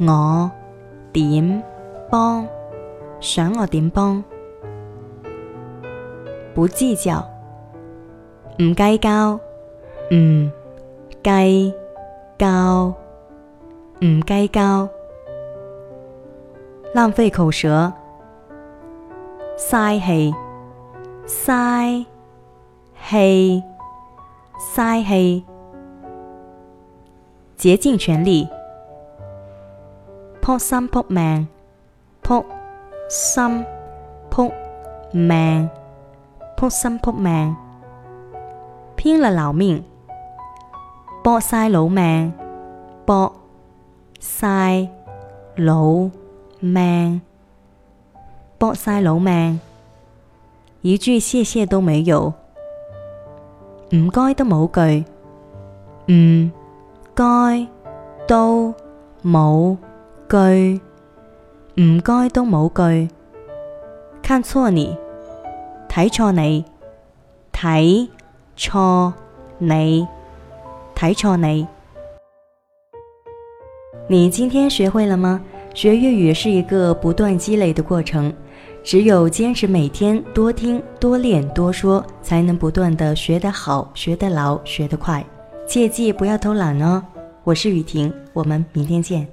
我點幫？想我點幫？不計較，唔計較，唔計較，唔計較，浪費口舌，嘥氣，嘥氣，嘥氣，竭盡全力。撲心撲命，撲心撲命，撲心撲命，拼了老命，搏晒老命，搏晒老命，搏晒老命，一句謝謝都沒有，唔該都冇句，唔該都冇句，唔該都冇句，看錯你，睇錯你，睇錯你，睇錯你，你，你。你今天學會了嗎？學粵語是一個不斷積累的過程，只有堅持每天多聽、多練、多說，才能不斷的學得好、學得牢、學得快。切記不要偷懶哦！我是宇婷，我們明天見。